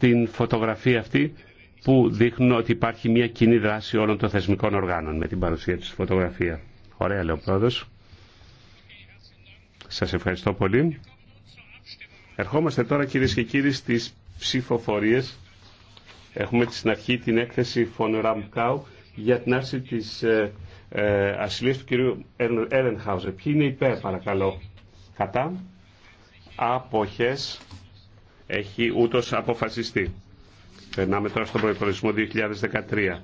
την φωτογραφία αυτή που δείχνουν ότι υπάρχει μια κοινή δράση όλων των θεσμικών οργάνων με την παρουσία της φωτογραφία. Ωραία λέει Σας ευχαριστώ πολύ. Ερχόμαστε τώρα κυρίε και κύριοι στις ψηφοφορίες. Έχουμε στην αρχή την έκθεση Κάου για την άρση της ε, ε, ασυλίας του κυρίου Έρενχάουζερ. Ποιοι είναι υπέρ παρακαλώ. Κατά. Αποχές έχει ούτως αποφασιστεί. Περνάμε τώρα στον προϋπολογισμό 2013.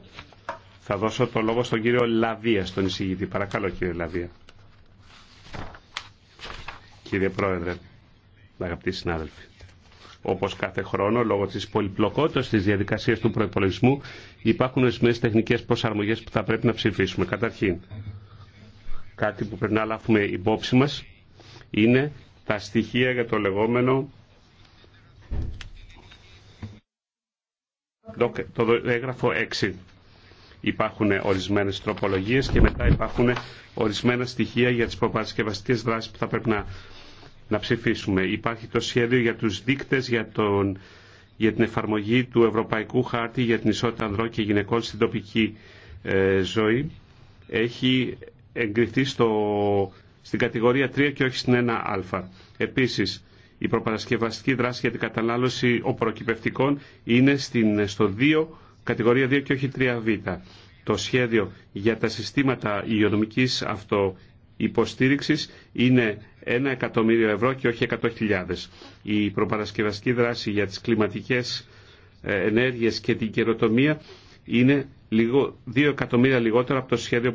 Θα δώσω το λόγο στον κύριο Λαβία, στον εισηγητή. Παρακαλώ κύριε Λαβία. Κύριε Πρόεδρε, αγαπητοί συνάδελφοι, όπως κάθε χρόνο, λόγω της πολυπλοκότητας της διαδικασίας του προϋπολογισμού, υπάρχουν ορισμένες τεχνικές προσαρμογές που θα πρέπει να ψηφίσουμε. Καταρχήν, κάτι που πρέπει να λάβουμε υπόψη μας είναι τα στοιχεία για το λεγόμενο το έγγραφο 6. Υπάρχουν ορισμένε τροπολογίε και μετά υπάρχουν ορισμένα στοιχεία για τι προπαρασκευαστικέ δράσει που θα πρέπει να, να ψηφίσουμε. Υπάρχει το σχέδιο για του δείκτε για, για την εφαρμογή του Ευρωπαϊκού Χάρτη για την ισότητα ανδρών και γυναικών στην τοπική ε, ζωή. Έχει εγκριθεί στο, στην κατηγορία 3 και όχι στην 1α. Επίσης, η προπαρασκευαστική δράση για την κατανάλωση οπροκυπευτικών είναι στην, στο 2, κατηγορία 2 και όχι 3β. Το σχέδιο για τα συστήματα υγειονομικής αυτοϋποστήριξης είναι 1 εκατομμύριο ευρώ και όχι 100.000. Η προπαρασκευαστική δράση για τις κλιματικές ε, ενέργειες και την καιροτομία είναι 2 εκατομμύρια λιγότερα από το σχέδιο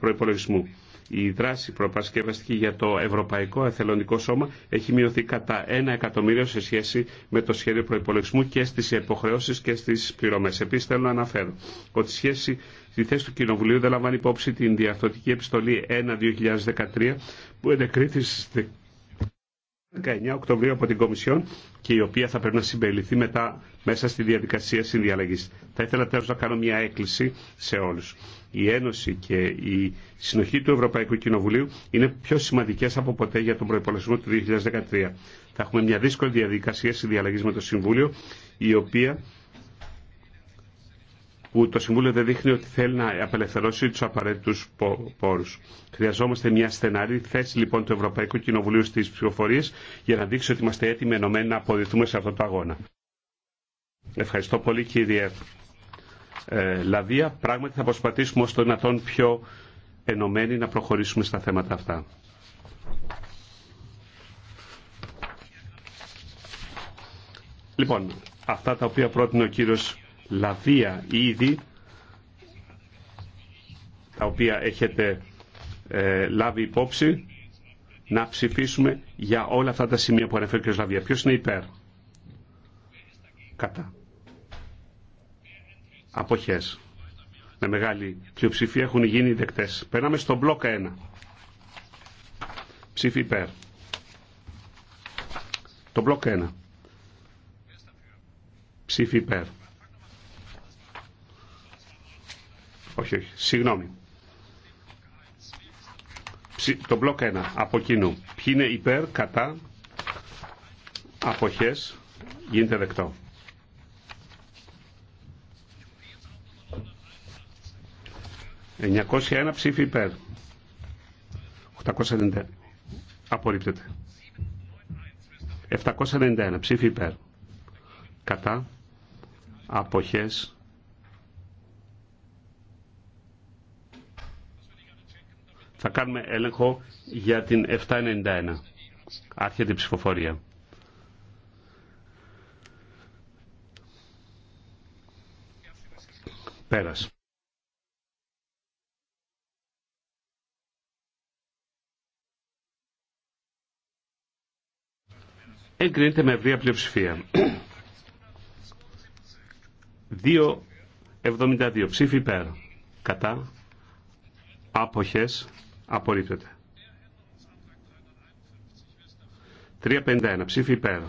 προϋπολογισμού η δράση προπαρασκευαστική για το Ευρωπαϊκό Εθελοντικό Σώμα έχει μειωθεί κατά 1 εκατομμύριο σε σχέση με το σχέδιο προπολογισμού και στι υποχρεώσει και στι πληρωμέ. Επίση, θέλω να αναφέρω ότι σχέση στη θέση του Κοινοβουλίου δεν λαμβάνει υπόψη την διαρθωτική επιστολή 1-2013 που ενεκρίθη στι 19 Οκτωβρίου από την Κομισιόν και η οποία θα πρέπει να συμπεριληφθεί μετά μέσα στη διαδικασία συνδιαλλαγή. Θα ήθελα τέλο να κάνω μια έκκληση σε όλου η Ένωση και η συνοχή του Ευρωπαϊκού Κοινοβουλίου είναι πιο σημαντικέ από ποτέ για τον προπολογισμό του 2013. Θα έχουμε μια δύσκολη διαδικασία συνδιαλλαγή με το Συμβούλιο, η οποία που το Συμβούλιο δεν δείχνει ότι θέλει να απελευθερώσει του απαραίτητου πόρου. Χρειαζόμαστε μια στεναρή θέση λοιπόν του Ευρωπαϊκού Κοινοβουλίου στι ψηφοφορίε για να δείξει ότι είμαστε έτοιμοι ενωμένοι να αποδειθούμε σε αυτό το αγώνα. Ευχαριστώ πολύ κύριε ε, Λαδία, Πράγματι θα προσπαθήσουμε όσο το δυνατόν πιο ενωμένοι να προχωρήσουμε στα θέματα αυτά. Λοιπόν, αυτά τα οποία πρότεινε ο κύριος Λαβία ήδη, τα οποία έχετε ε, λάβει υπόψη, να ψηφίσουμε για όλα αυτά τα σημεία που αναφέρει ο κ. Λαβία. Ποιος είναι υπέρ. Κατά αποχές με μεγάλη πλειοψηφία έχουν γίνει δεκτές. Περνάμε στο μπλοκ 1. Ψήφι υπέρ. Το μπλοκ 1. Ψήφι υπέρ. Όχι, όχι, συγγνώμη. Το μπλοκ 1, από κοινού. Ποιοι είναι υπέρ, κατά, αποχές, γίνεται δεκτό. 901 ψήφι υπέρ. 891. Απορρίπτεται. 791 ψήφι υπέρ. Κατά. Αποχές. Θα κάνουμε έλεγχο για την 791. Άρχεται η ψηφοφορία. Πέρασε. εγκρίνεται με ευρία πλειοψηφία. 2.72 ψήφι υπέρ. Κατά. Αποχές. Απορρίπτεται. 3.51 ψήφι υπέρ.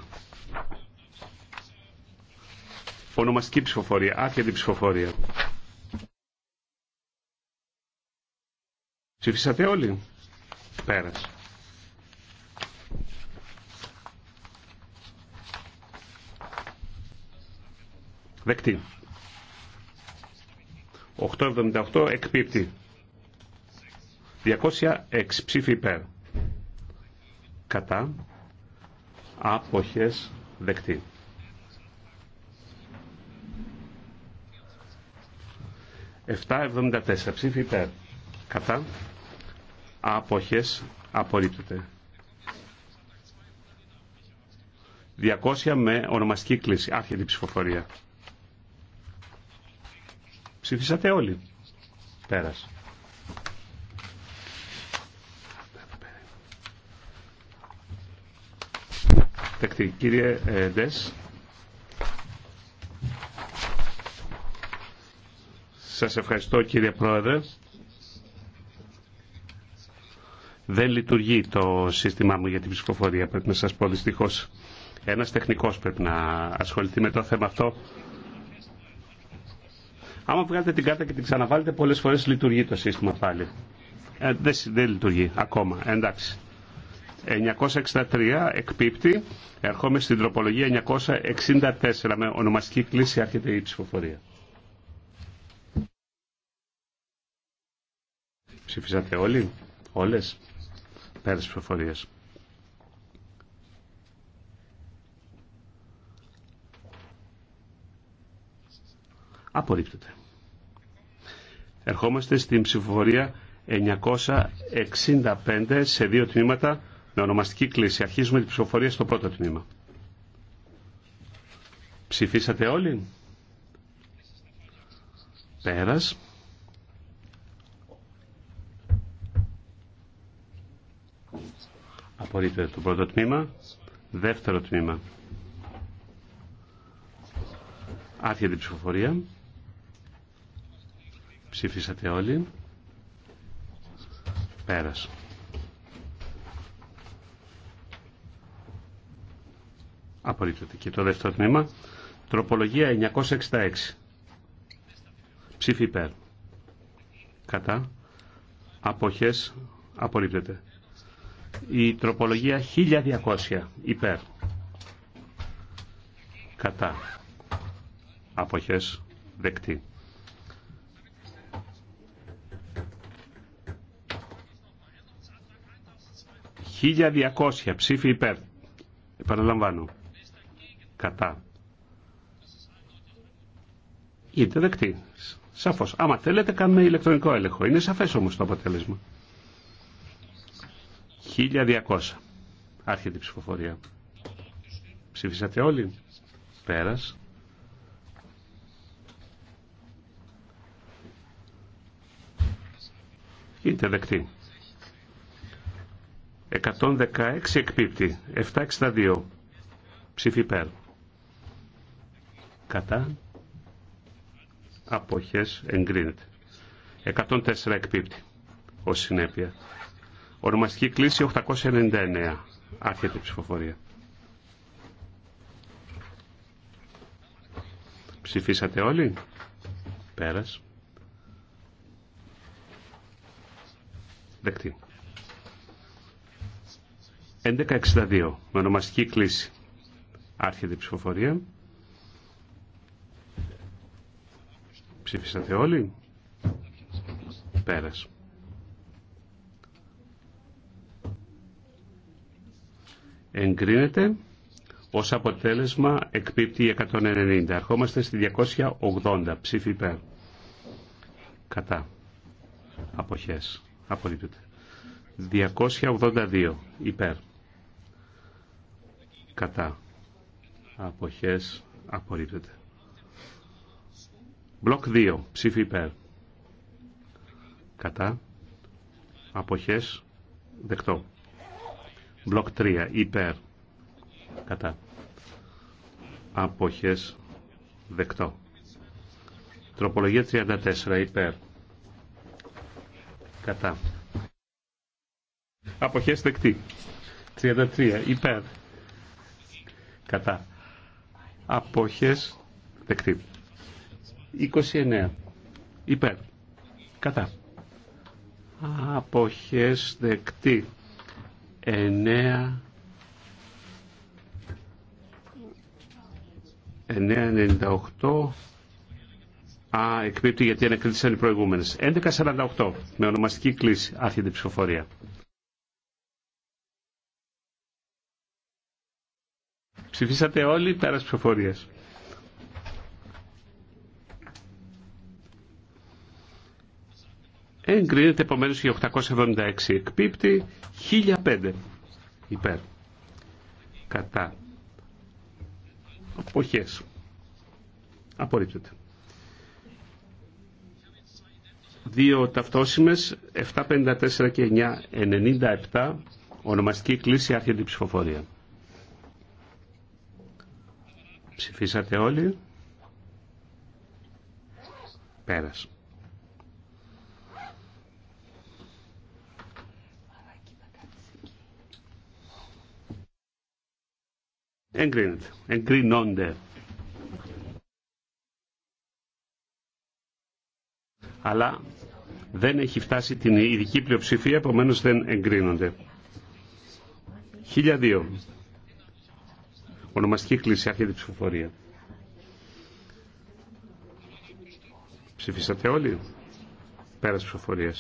Ονομαστική ψηφοφορία. Άρχεται ψηφοφορία. Ψήφισατε όλοι. Πέρασε. Δεκτή. 878 εκπίπτει. 206 ψήφι υπέρ. Κατά. Αποχές δεκτή. 774 ψήφι υπέρ. Κατά. Αποχές απορρίπτεται. 200 με ονομαστική κλίση. Άρχεται η ψηφοφορία. Ψηφίσατε όλοι. Πέρας. Δεκτή. Κύριε ε, Ντες. Σας ευχαριστώ κύριε Πρόεδρε. Δεν λειτουργεί το σύστημά μου για την ψηφοφορία, πρέπει να σας πω δυστυχώς. Ένας τεχνικός πρέπει να ασχοληθεί με το θέμα αυτό. Άμα βγάλετε την κάρτα και την ξαναβάλετε, πολλές φορές λειτουργεί το σύστημα πάλι. Ε, δεν, δεν λειτουργεί ακόμα. Ε, εντάξει. 963 εκπίπτει. Ερχόμαι στην τροπολογία 964 με ονομαστική κλίση άρχεται η ψηφοφορία. Ψηφίσατε όλοι, όλες, πέρας ψηφοφορίες. Απορρίπτεται. Ερχόμαστε στην ψηφοφορία 965 σε δύο τμήματα με ονομαστική κλίση. Αρχίζουμε την ψηφοφορία στο πρώτο τμήμα. Ψηφίσατε όλοι. Πέρας. Απορρίπτεται το πρώτο τμήμα. Δεύτερο τμήμα. Άρχεται η ψηφοφορία. Ψήφισατε όλοι. Πέρας. Απορρίπτεται. Και το δεύτερο τμήμα. Τροπολογία 966. Ψήφι υπέρ. Κατά. Αποχές. Απορρίπτεται. Η τροπολογία 1200. Υπέρ. Κατά. Αποχές. Δεκτή. 1200 ψήφοι υπέρ. Επαναλαμβάνω. Κατά. Είτε δεκτή. Σαφώς. Άμα θέλετε κάνουμε ηλεκτρονικό έλεγχο. Είναι σαφές όμως το αποτέλεσμα. 1200. Άρχεται η ψηφοφορία. Ψήφισατε όλοι. Πέρας. Είτε δεκτή. 116 εκπίπτει. 762 ψήφι υπέρ. Κατά. Αποχές εγκρίνεται. 104 εκπίπτει. Ως συνέπεια. Ονομαστική κλίση 899. Άρχεται η ψηφοφορία. Ψηφίσατε όλοι. Πέρας. Δεκτή. 1162 με ονομαστική κλίση. Άρχεται η ψηφοφορία. Ψήφισατε όλοι. Πέρας. Εγκρίνεται. Ως αποτέλεσμα εκπίπτει 190. Ερχόμαστε στη 280. Ψήφι υπέρ. Κατά. Αποχές. Απολύτω. 282 υπέρ κατά αποχές απορρίπτεται. Μπλοκ 2. Ψήφι υπέρ. Κατά. Αποχές. Δεκτό. Μπλοκ 3. Υπέρ. Κατά. Αποχές. Δεκτό. Τροπολογία 34. Υπέρ. Κατά. Αποχές δεκτή. 33. Υπέρ κατά απόχες δεκτή 29 υπέρ κατά απόχες δεκτή 9 9.98 Α, εκπίπτει γιατί ανακρίθησαν οι προηγούμενες 11.48 με ονομαστική κλίση άρχεται την ψηφοφορία Ψηφίσατε όλοι πέρα ψηφοφορία. Εγκρίνεται επομένω η 876 εκπίπτει 1005 υπέρ. Κατά. Αποχές. Απορρίπτεται. Δύο ταυτόσημες 754 και 997 ονομαστική κλίση άρχεται η ψηφοφορία. Ψηφίσατε όλοι. Πέρας. Εγκρίνεται. Εγκρίνονται. Αλλά δεν έχει φτάσει την ειδική πλειοψηφία, επομένως δεν εγκρίνονται. 1002. Ονομαστική κλίση, άρχεται η ψηφοφορία. Ψηφίσατε όλοι. Πέρα Πέρας ψηφοφορία.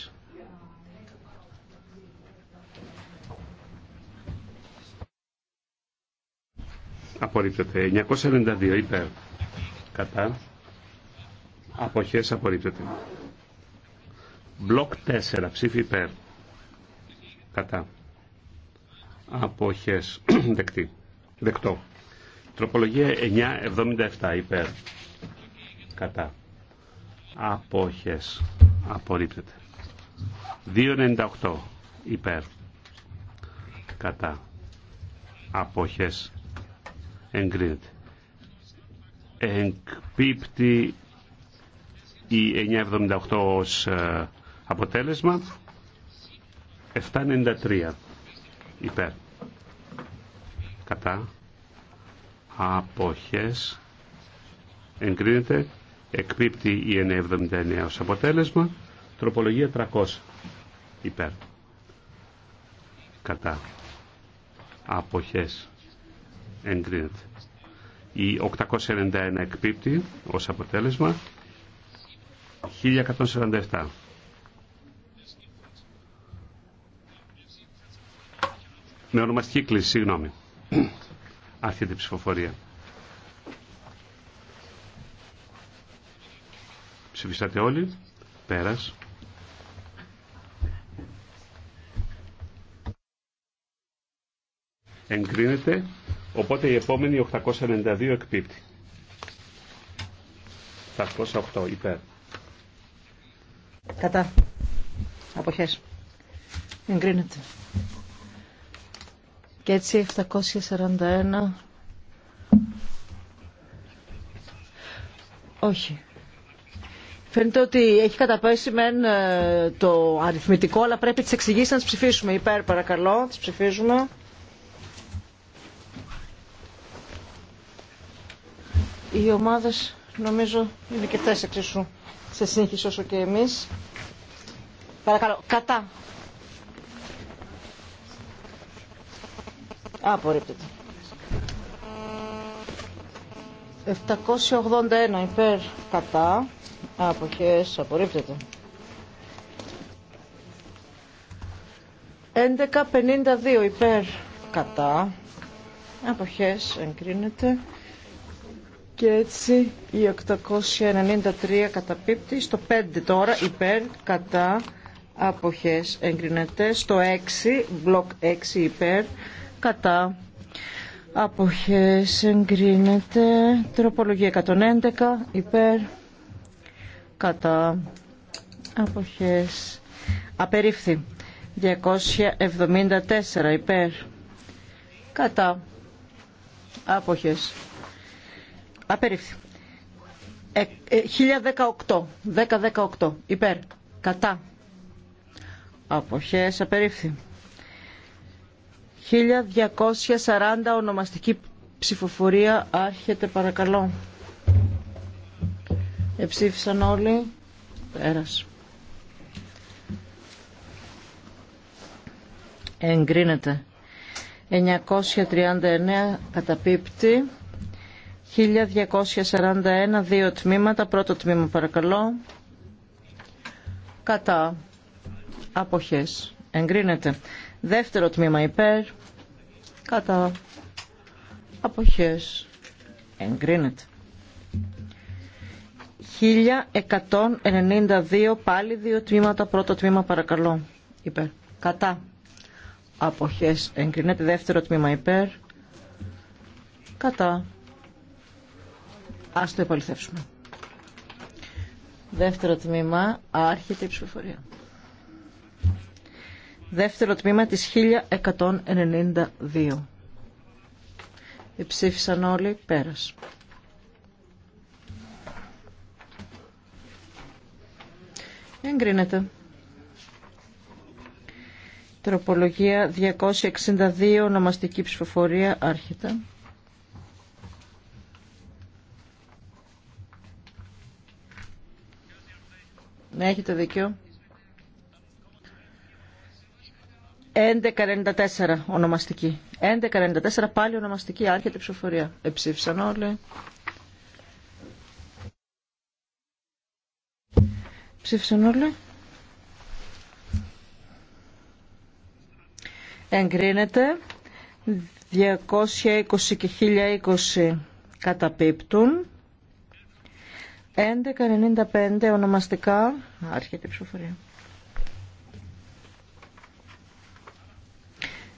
Απορρίπτεται. 992 υπέρ. Κατά. Αποχές απορρίπτεται. Μπλοκ 4. Ψήφι υπέρ. Κατά. Αποχές. Δεκτή. Δεκτό. Τροπολογία 977 υπέρ. Κατά. Απόχες. Απορρίπτεται. 298 υπέρ. Κατά. Απόχες. Εγκρίνεται. Εγκπίπτει η 978 ως ε, αποτέλεσμα. 793 υπέρ. Κατά αποχές εγκρίνεται εκπίπτει η 979 ως αποτέλεσμα τροπολογία 300 υπέρ κατά αποχές εγκρίνεται η 891 εκπίπτει ως αποτέλεσμα 1147 με ονομαστική κλίση, συγγνώμη. Άρχεται η ψηφοφορία. Ψηφίσατε όλοι. Πέρας. Εγκρίνεται. Οπότε η επόμενη 892 εκπίπτει. 808 υπέρ. Κατά. Αποχές. Εγκρίνεται. Και έτσι 741. Όχι. Φαίνεται ότι έχει καταπέσει μεν ε, το αριθμητικό, αλλά πρέπει τις εξηγήσεις να τις ψηφίσουμε. Υπέρ παρακαλώ, τις ψηφίζουμε. Οι ομάδες νομίζω είναι και αυτές σου, σε σύγχυση όσο και εμείς. Παρακαλώ, κατά Απορρίπτεται. 781 υπέρ κατά. Αποχές. Απορρίπτεται. 11.52 υπέρ κατά. Αποχές. Εγκρίνεται. Και έτσι η 893 καταπίπτει. Στο 5 τώρα υπέρ κατά. Αποχές εγκρινεται στο 6, μπλοκ 6 υπέρ, κατά αποχές εγκρίνεται τροπολογία 111 υπέρ κατά αποχές απερίφθη 274 υπέρ κατά άποχες απερίφθη 1018 1018 υπέρ κατά αποχές απερίφθη ε, ε, 1240 ονομαστική ψηφοφορία άρχεται παρακαλώ. Εψήφισαν όλοι. Πέρασε. Εγκρίνεται. 939 καταπίπτει. 1241 δύο τμήματα. Πρώτο τμήμα παρακαλώ. Κατά. Αποχές. Εγκρίνεται. Δεύτερο τμήμα υπέρ. Κατά. Αποχές. Εγκρίνεται. 1192 πάλι δύο τμήματα. Πρώτο τμήμα παρακαλώ. Υπέρ. Κατά. Αποχές. Εγκρίνεται. Δεύτερο τμήμα υπέρ. Κατά. Ας το επαληθεύσουμε. Δεύτερο τμήμα. Άρχεται η ψηφοφορία δεύτερο τμήμα της 1192. Υψήφισαν όλοι, πέρας. Εγκρίνεται. Τροπολογία 262, ονομαστική ψηφοφορία, άρχεται. Ναι, έχετε δίκιο. 1194 ονομαστική. 1194 πάλι ονομαστική. Άρχεται η ψηφοφορία. Εψήφισαν όλοι. Ψήφισαν όλοι. Εγκρίνεται. 220 και 1020 καταπίπτουν. 1195 ονομαστικά. Άρχεται η ψηφοφορία.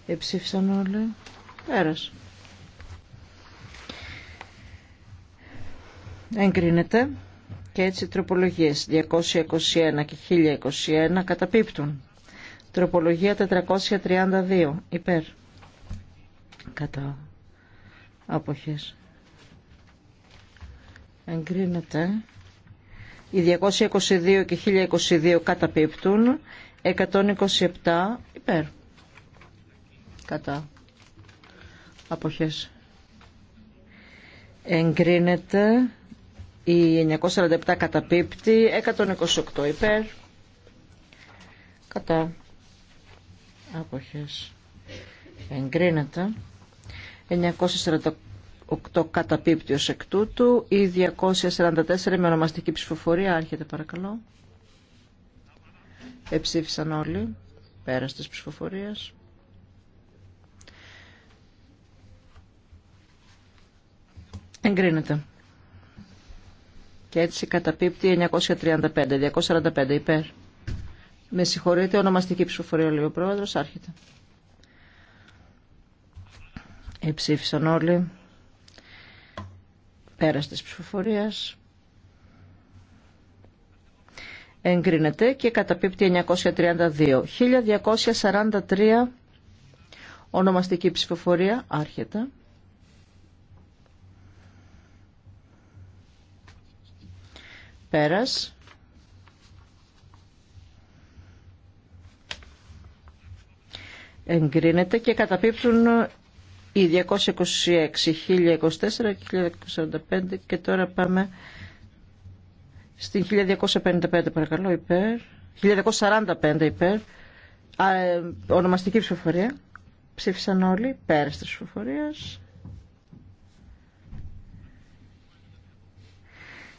Εψήφισαν όλοι. Πέρας. Εγκρίνεται. Και έτσι οι τροπολογίες 221 και 1021 καταπίπτουν. Τροπολογία 432. Υπέρ. Κατά. Αποχές. Εγκρίνεται. Οι 222 και 1022 καταπίπτουν. 127 υπέρ κατά αποχές εγκρίνεται η 947 καταπίπτη 128 υπέρ κατά αποχές εγκρίνεται 948 καταπίπτει ως εκ τούτου ή 244 με ονομαστική ψηφοφορία άρχεται παρακαλώ εψήφισαν όλοι πέρας της ψηφοφορίας Εγκρίνεται. Και έτσι καταπίπτει 935, 245 υπέρ. Με συγχωρείτε, ονομαστική ψηφοφορία λέει ο πρόεδρος, άρχεται. Εψήφισαν όλοι. Πέρας της ψηφοφορίας. Εγκρίνεται και καταπίπτει 932. 1243 ονομαστική ψηφοφορία άρχεται. Πέρας. Εγκρίνεται και καταπίπτουν οι 226, 1024 και 1045 και τώρα πάμε στην 1255 παρακαλώ υπέρ, 1245 υπέρ, ε, ονομαστική ψηφοφορία. Ψήφισαν όλοι πέρα της ψηφοφορίας.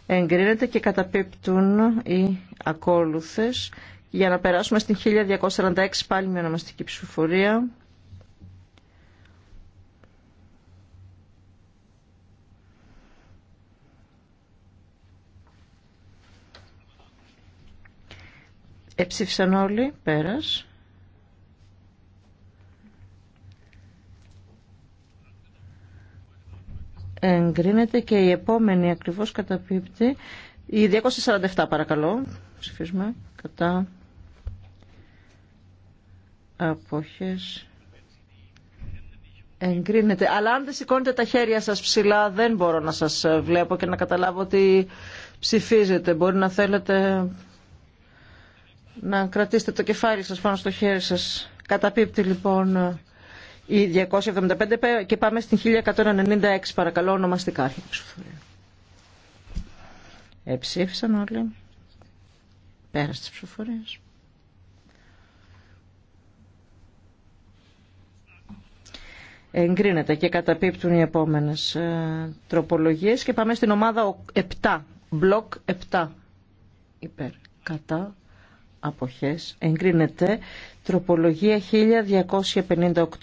εγκρίνεται και καταπίπτουν οι ακόλουθες για να περάσουμε στην 1246 πάλι με ονομαστική ψηφοφορία. Εψήφισαν όλοι, πέρας. εγκρίνεται και η επόμενη ακριβώς καταπίπτει η 247 παρακαλώ ψηφίζουμε κατά αποχές εγκρίνεται αλλά αν δεν σηκώνετε τα χέρια σας ψηλά δεν μπορώ να σας βλέπω και να καταλάβω ότι ψηφίζετε μπορεί να θέλετε να κρατήσετε το κεφάλι σας πάνω στο χέρι σας καταπίπτει λοιπόν η 275 και πάμε στην 1196 παρακαλώ ονομαστικά άρχιτη ψηφοφορία. Εψήφισαν όλοι. Πέρα στις ψηφοφορίες. Εγκρίνεται και καταπίπτουν οι επόμενες ε, τροπολογίες και πάμε στην ομάδα 7, μπλοκ 7 υπέρ, κατά, αποχές εγκρίνεται τροπολογία 1258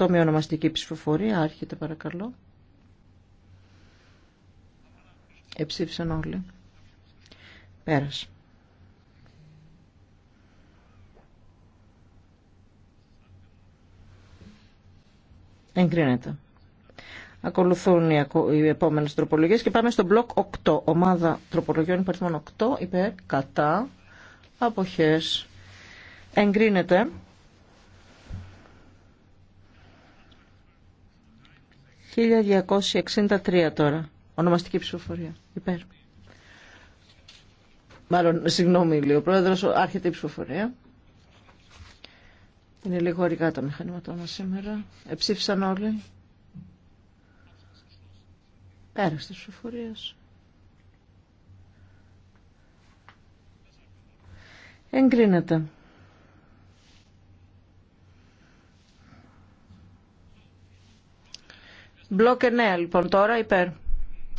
με ονομαστική ψηφοφορία άρχεται παρακαλώ εψήφισαν όλοι Πέρασε. εγκρίνεται Ακολουθούν οι επόμενε τροπολογίες και πάμε στο μπλοκ 8, ομάδα τροπολογιών υπαριθμών 8, υπέρ, κατά, αποχές εγκρίνεται 1263 τώρα ονομαστική ψηφοφορία υπέρ μάλλον συγγνώμη λέει ο πρόεδρος άρχεται η ψηφοφορία είναι λίγο αργά τα μηχανήματά μας σήμερα εψήφισαν όλοι πέρας ψηφοφορία σου. Εγκρίνεται. Μπλοκ 9 λοιπόν τώρα υπέρ.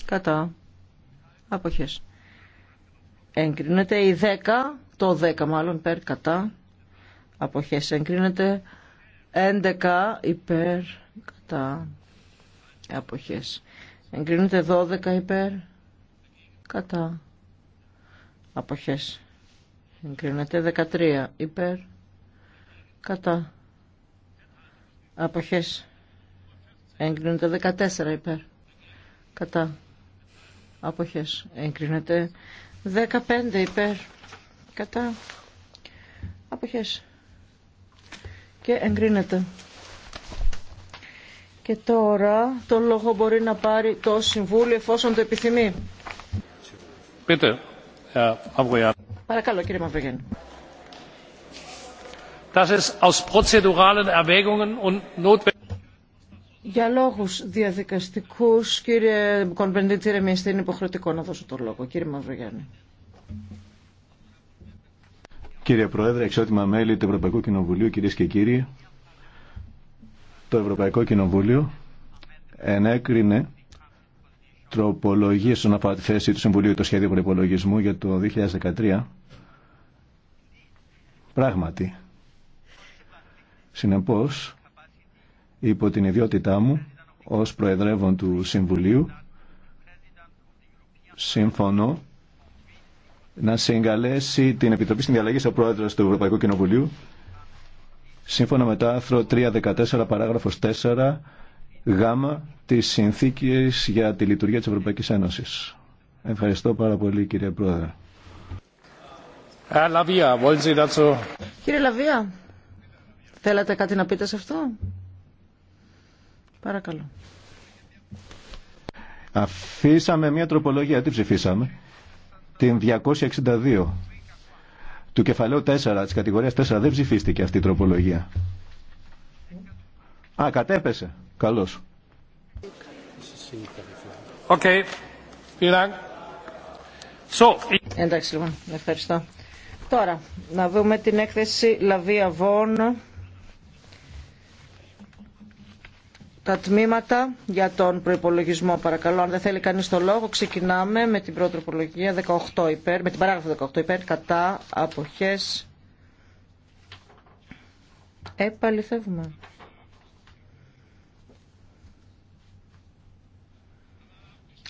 Κατά. Αποχές. Εγκρίνεται η 10, το 10 μάλλον υπέρ κατά. Αποχές εγκρίνεται 11 υπέρ κατά. Αποχές. Εγκρίνεται 12 υπέρ κατά. Αποχές. Εγκρίνεται 13 υπέρ κατά αποχές. Εγκρίνεται 14 υπέρ κατά αποχές. Εγκρίνεται 15 υπέρ κατά αποχές. Και εγκρίνεται. Και τώρα το λόγο μπορεί να πάρει το Συμβούλιο εφόσον το επιθυμεί. Uh, Παρακαλώ κύριε Μαυρογέννη. Για λόγους διαδικαστικούς, κύριε Κονπεντήτη, είναι υποχρεωτικό να δώσω το λόγο. Κύριε Μαυρογιάννη. Κύριε Πρόεδρε, εξότιμα μέλη του Ευρωπαϊκού Κοινοβουλίου, κυρίε και κύριοι, το Ευρωπαϊκό Κοινοβούλιο ενέκρινε τροπολογίες όσον αφορά τη θέση του Συμβουλίου το σχέδιο προπολογισμού για το 2013. Πράγματι, συνεπώς, υπό την ιδιότητά μου ως Προεδρεύων του Συμβουλίου, σύμφωνο να συγκαλέσει την Επιτροπή Συνδιαλλαγής ο Πρόεδρος του Ευρωπαϊκού Κοινοβουλίου, σύμφωνα με το άρθρο 314 παράγραφος 4 γάμα της συνθήκης για τη λειτουργία της Ευρωπαϊκής Ένωσης. Ευχαριστώ πάρα πολύ κύριε Πρόεδρε. Κύριε Λαβία, θέλατε κάτι να πείτε σε αυτό. Παρακαλώ. Αφήσαμε μια τροπολογία, τι ψηφίσαμε, την 262 του κεφαλαίου 4, της κατηγορίας 4, δεν ψηφίστηκε αυτή η τροπολογία. Α, κατέπεσε. Καλώς. Okay. So... Εντάξει λοιπόν, ευχαριστώ. Τώρα, να δούμε την έκθεση Λαβία Βόν. Τα τμήματα για τον προϋπολογισμό παρακαλώ. Αν δεν θέλει κανείς το λόγο, ξεκινάμε με την πρώτη 18 υπέρ, με την παράγραφο 18 υπέρ, κατά, αποχές. Επαληθεύουμε.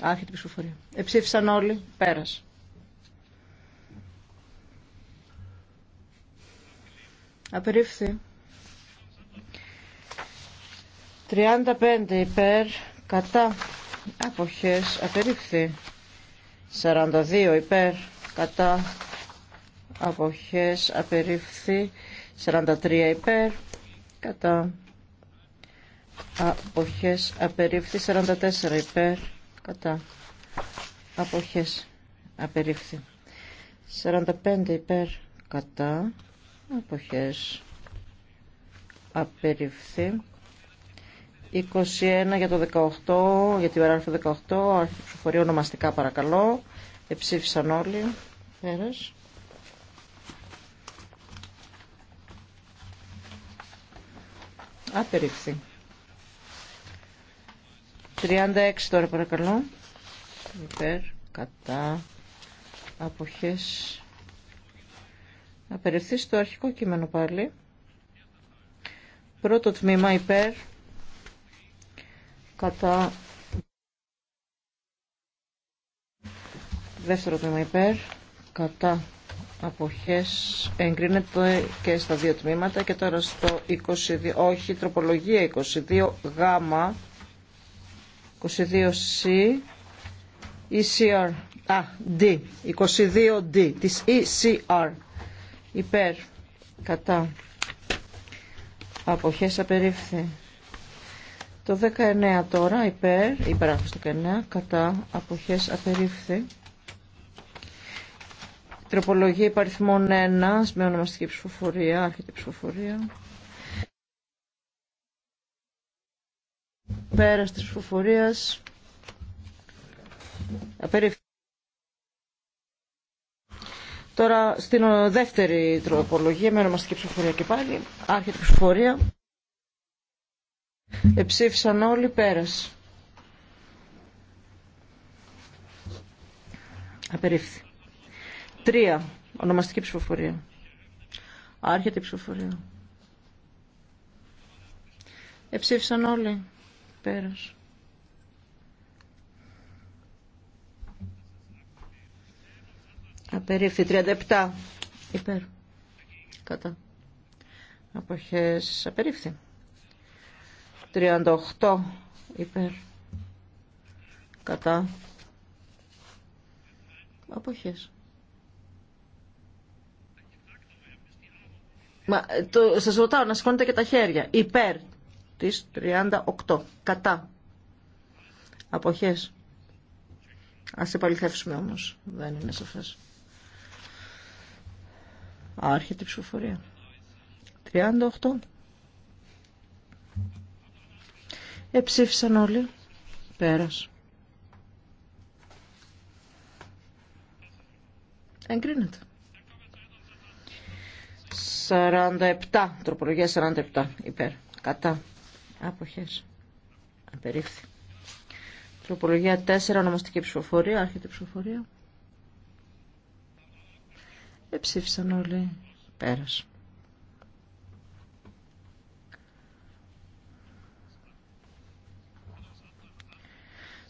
Άρχεται η ψηφοφορία. Εψήφισαν όλοι. Πέρασε. Απερίφθη. 35 υπέρ, κατά, αποχές, απερίφθη. 42 υπέρ, κατά, αποχές, απερίφθη. 43 υπέρ, κατά, αποχές, απερίφθη. 44 υπέρ, κατά αποχές απερίφθη 45 υπέρ κατά αποχές απερίφθη 21 για το 18 για την παράρφη 18 αρχιψηφορεί ονομαστικά παρακαλώ εψήφισαν όλοι πέρας απερίφθη 36 τώρα παρακαλώ. Υπέρ, κατά, αποχές. Απεριφθεί στο αρχικό κείμενο πάλι. Πρώτο τμήμα υπέρ, κατά, δεύτερο τμήμα υπέρ, κατά, αποχές εγκρίνεται και στα δύο τμήματα και τώρα στο 22, όχι, τροπολογία 22, γάμα, 22C, e ECR, α, D, 22D της ECR, υπέρ, κατά, αποχές απερίφθη. Το 19 τώρα, υπέρ, υπεράχος 19, κατά, αποχές απερίφθη. Τροπολογία υπαριθμών 1, με ονομαστική ψηφοφορία, άρχεται ψηφοφορία. Πέρας της ψηφοφορίας. Τώρα στην δεύτερη τροπολογία, με ονομαστική ψηφοφορία και πάλι, άρχεται η ψηφοφορία. Εψήφισαν όλοι, πέρας. Απερίφθη. Τρία, ονομαστική ψηφοφορία. Άρχεται η ψηφοφορία. Εψήφισαν όλοι. Πέρας. Απερίφθη 37. Υπέρ. Κατά. Αποχές. Απερίφθη. 38. Υπέρ. Κατά. Αποχές. Μα, το, σας ρωτάω να σηκώνετε και τα χέρια. Υπέρ της 38. Κατά. Αποχές. Ας επαληθεύσουμε όμως. Δεν είναι σαφές. Άρχεται η ψηφοφορία. 38. Εψήφισαν όλοι. Πέρας. Εγκρίνεται. 47. Τροπολογία 47. Υπέρ. Κατά. Άποχες. Απερίφθη. Τροπολογία 4, ονομαστική ψηφοφορία, άρχεται ψηφοφορία. Εψήφισαν όλοι. Πέρας.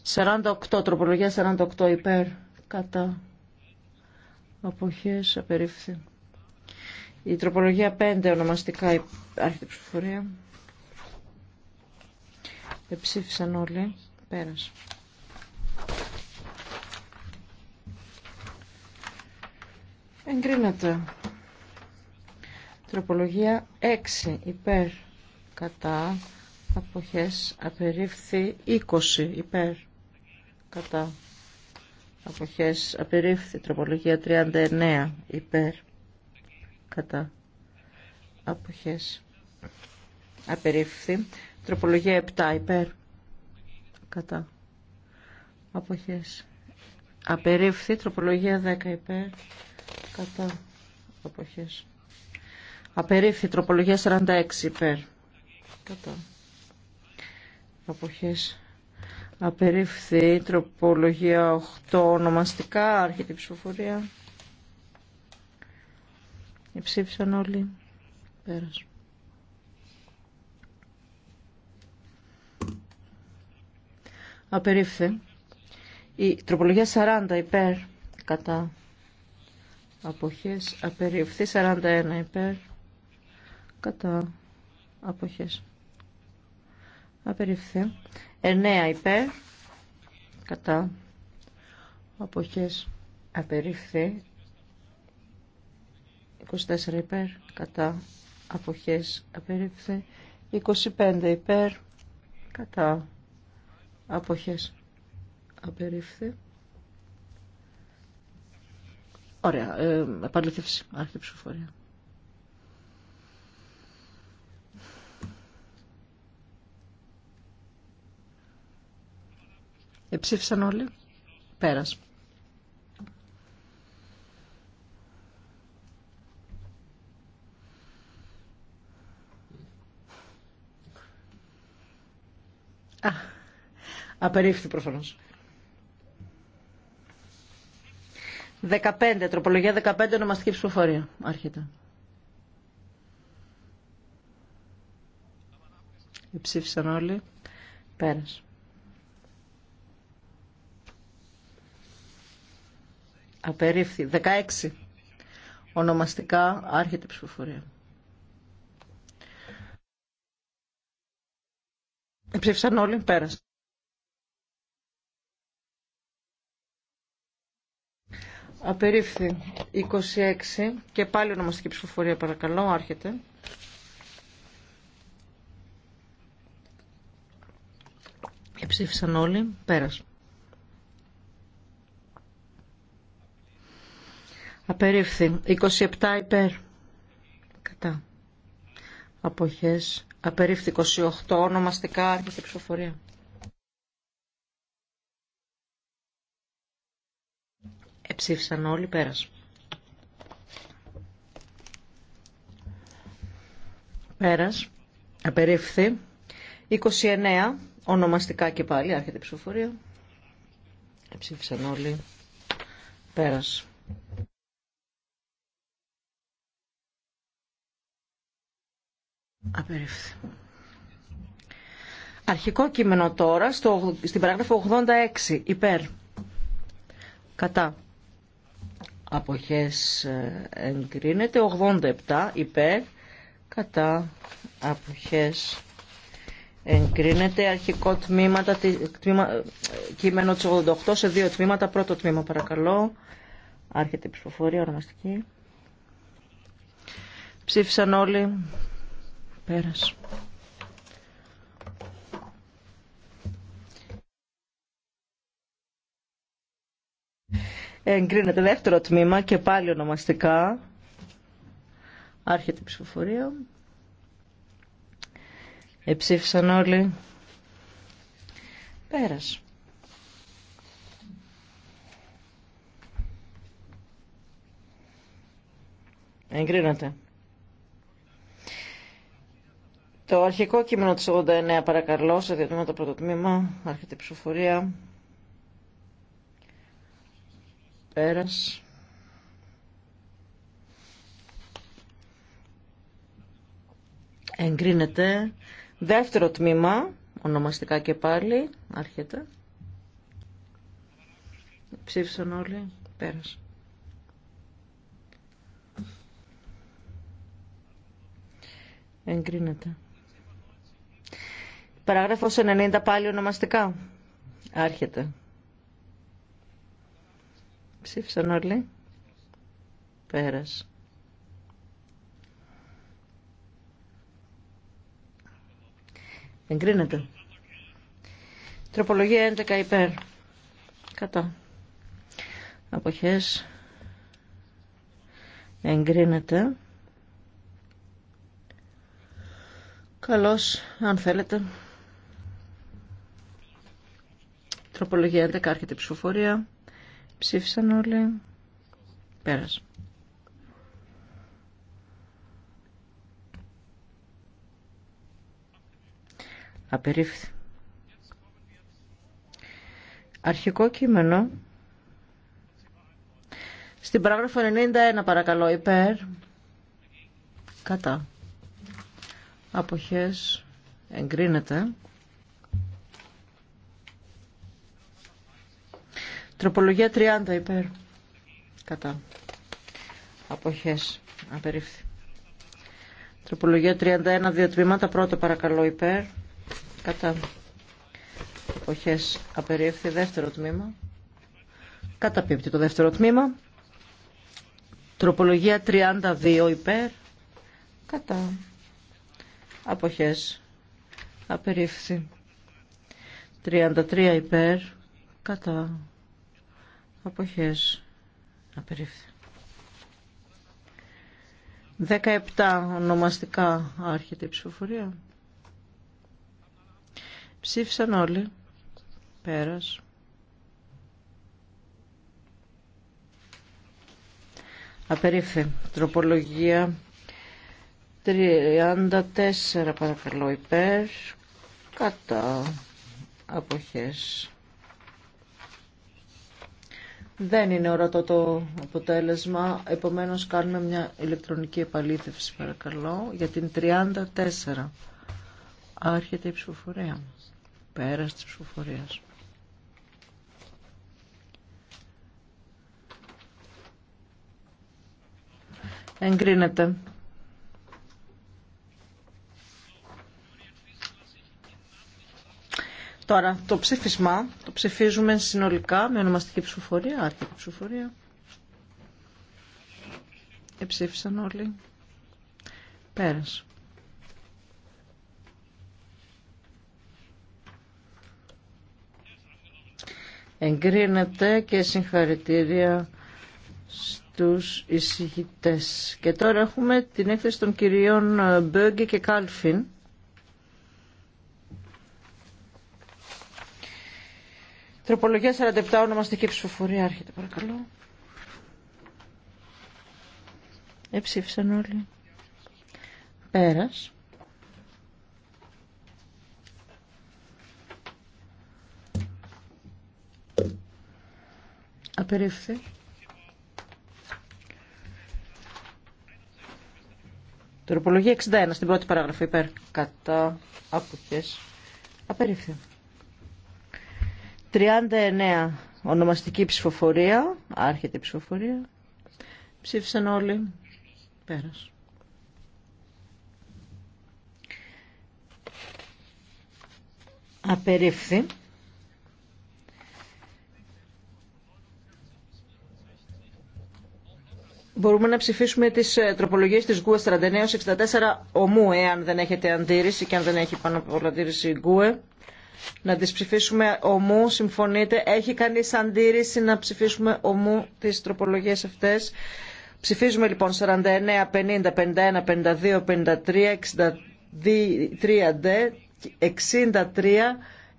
Σαράντα τροπολογία 48 υπέρ, κατά αποχές, απερίφθη. Η τροπολογία 5 ονομαστικά άρχεται ψηφοφορία. Εψήφισαν όλοι. Πέρασε. Εγκρίνεται. Τροπολογία 6 υπέρ κατά αποχές απερίφθη 20 υπέρ κατά αποχές απερίφθη τροπολογία 39 υπέρ κατά αποχές απερίφθη Τροπολογία 7 υπέρ. Κατά. Αποχές. Απερίφθη. Τροπολογία 10 υπέρ. Κατά. Αποχές. Απερίφθη. Τροπολογία 46 υπέρ. Κατά. Αποχές. Απερίφθη. Τροπολογία 8 ονομαστικά. Άρχεται η ψηφοφορία. Υψήφισαν όλοι. Πέρασε. απερίφθη. Η τροπολογία 40 υπέρ κατά αποχές απερίφθη. 41 υπέρ κατά αποχές απερίφθη. 9 υπέρ κατά αποχές απερίφθη. 24 υπέρ κατά αποχές απερίφθη. 25 υπέρ κατά αποχές απερίφθη. Ωραία, ε, επαλήθευση, Άρχιτε ψηφοφορία. Εψήφισαν όλοι. Πέρας. Α, Απερίφθη προφανώ. 15, τροπολογία 15, ονομαστική ψηφοφορία. Άρχεται. Ψήφισαν όλοι. Πέρασε. Απερίφθη. 16. Ονομαστικά άρχεται η ψηφοφορία. Ψήφισαν όλοι. πέρασε. Απερίφθη 26 και πάλι ονομαστική ψηφοφορία παρακαλώ, άρχεται. Και ψήφισαν όλοι, πέρας. Απερίφθη 27 υπέρ, κατά. Αποχές, απερίφθη 28 ονομαστικά, άρχεται ψηφοφορία. Ψήφισαν όλοι πέρας. Πέρας. Απερίφθη. 29. Ονομαστικά και πάλι. Άρχεται η ψηφοφορία. Ψήφισαν όλοι. Πέρας. Απερίφθη. Αρχικό κείμενο τώρα στο, στην παράγραφο 86. Υπέρ. Κατά αποχές ε, εγκρίνεται 87 υπέρ κατά αποχές εγκρίνεται αρχικό τμήμα, τμήμα ε, κείμενο της 88 σε δύο τμήματα πρώτο τμήμα παρακαλώ άρχεται η ψηφοφορία ονομαστική ψήφισαν όλοι Πέρασε. Εγκρίνεται δεύτερο τμήμα και πάλι ονομαστικά. Άρχεται η ψηφοφορία. Εψήφισαν όλοι. Πέρας. Εγκρίνεται. Το αρχικό κείμενο της 89 παρακαλώ, σε διατμήμα το πρώτο τμήμα, άρχεται η ψηφοφορία. Πέρας. Εγκρίνεται. Δεύτερο τμήμα, ονομαστικά και πάλι, άρχεται. Ψήφισαν όλοι, Πέρας. Εγκρίνεται. Παράγραφος 90 πάλι ονομαστικά. Άρχεται. Ψήφισαν όλοι. Πέρας. Εγκρίνεται. Τροπολογία 11 υπέρ. Κατά. Αποχές. Εγκρίνεται. Καλώς, αν θέλετε. Τροπολογία 11, άρχεται η ψηφοφορία. Ψήφισαν όλοι. Πέρασε. Απερίφθη. Αρχικό κείμενο. Στην παράγραφο 91 παρακαλώ υπέρ. Κατά. Αποχές εγκρίνεται. Τροπολογία 30 υπέρ. Κατά. Αποχές. Απερίφθη. Τροπολογία 31, δύο τμήματα. Πρώτο παρακαλώ υπέρ. Κατά. Αποχές. Απερίφθη. Δεύτερο τμήμα. Καταπίπτει το δεύτερο τμήμα. Τροπολογία 32 υπέρ. Κατά. Αποχές. Απερίφθη. 33 υπέρ. Κατά. Αποχές. Απερίφθη. 17 ονομαστικά άρχεται η ψηφοφορία. Ψήφισαν όλοι. Πέρας. Απερίφθη. Τροπολογία 34 παρακαλώ υπέρ. Κατά αποχές. Δεν είναι ορατό το αποτέλεσμα, επομένως κάνουμε μια ηλεκτρονική επαλήθευση παρακαλώ για την 34. Άρχεται η ψηφοφορία. Πέρας της ψηφοφορίας. Εγκρίνεται. Τώρα το ψήφισμα το ψηφίζουμε συνολικά με ονομαστική ψηφοφορία, Άρχη ψηφοφορία. Εψήφισαν όλοι. Πέρασε. Εγκρίνεται και συγχαρητήρια στους εισηγητές. Και τώρα έχουμε την έκθεση των κυρίων Μπέγκε και Κάλφιν. Τροπολογία 47, ονομαστική ψηφοφορία, άρχεται παρακαλώ. Εψήφισαν όλοι. Πέρας. Απερίφθη. Τροπολογία 61, στην πρώτη παράγραφη, υπέρ, κατά, άποχες, απερίφθη. 39 ονομαστική ψηφοφορία. Άρχεται ψηφοφορία. Ψήφισαν όλοι. Πέρας. Απερίφθη. Μπορούμε να ψηφίσουμε τις ε, τροπολογίες της ΓΟΕ 49-64 ομού, εάν δεν έχετε αντίρρηση και αν δεν έχει πάνω από αντίρρηση η να τις ψηφίσουμε ομού, συμφωνείτε. Έχει κανείς αντίρρηση να ψηφίσουμε ομού τις τροπολογίες αυτές. Ψηφίζουμε λοιπόν 49, 50, 51, 52, 53, 63 63,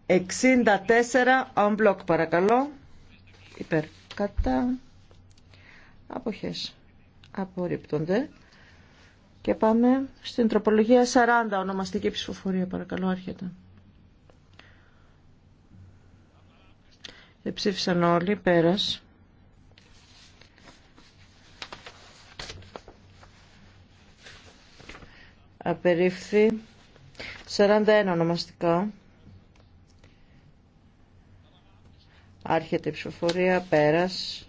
64, en παρακαλώ. Υπέρ, κατά, αποχές, απορρίπτονται. Και πάμε στην τροπολογία 40, ονομαστική ψηφοφορία παρακαλώ, έρχεται. ψήφισαν όλοι, πέρας. Απερίφθη. 41 ονομαστικά. Άρχεται η ψηφοφορία, πέρας.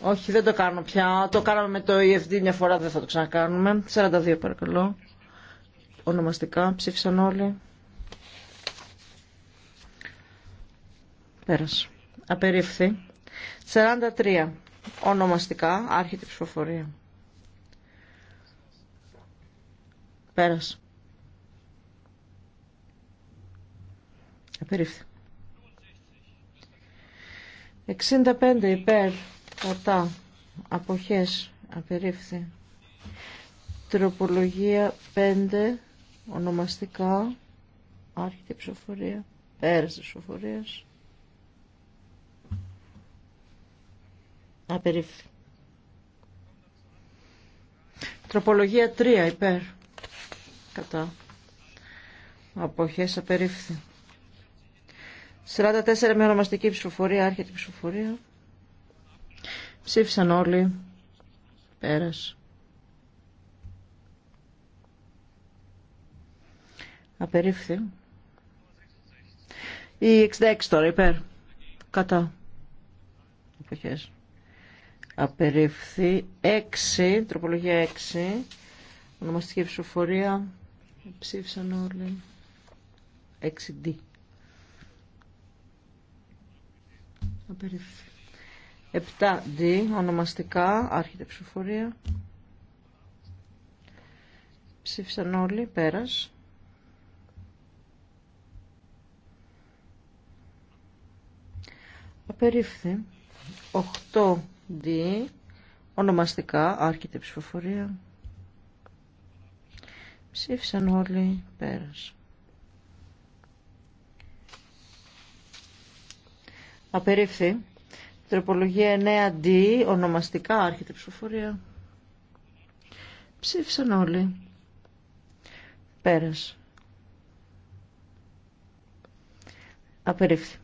Όχι, δεν το κάνω πια. Το κάναμε με το EFD μια φορά, δεν θα το ξανακάνουμε. 42 παρακαλώ ονομαστικά ψήφισαν όλοι. Πέρασε. Απερίφθη. 43. Ονομαστικά. άρχιτη ψηφοφορία. Πέρασε. Απερίφθη. 65 υπέρ, κατά, αποχές, απερίφθη. Τροπολογία 5 ονομαστικά άρχιτε ψηφοφορία πέρας της ψηφοφορίας απερίφθη τροπολογία 3 υπέρ κατά αποχές απερίφθη 44 με ονομαστική ψηφοφορία άρχεται ψηφοφορία ψήφισαν όλοι πέρας Απερίφθη. Η 66 τώρα υπέρ. Κατά. Εποχές. Απερίφθη. 6. Τροπολογία 6. Ονομαστική ψηφοφορία. Ψήφισαν όλοι. 6D. Απερίφθη. 7D. Ονομαστικά. Άρχιτε ψηφοφορία. Ψήφισαν όλοι. Πέρας. Απερίφθη. 8D. Ονομαστικά. άρχιτε ψηφοφορία. Ψήφισαν όλοι. Πέρας. Απερίφθη. Τροπολογία 9D. Ονομαστικά. άρχιτε ψηφοφορία. Ψήφισαν όλοι. Πέρας. Απερίφθη.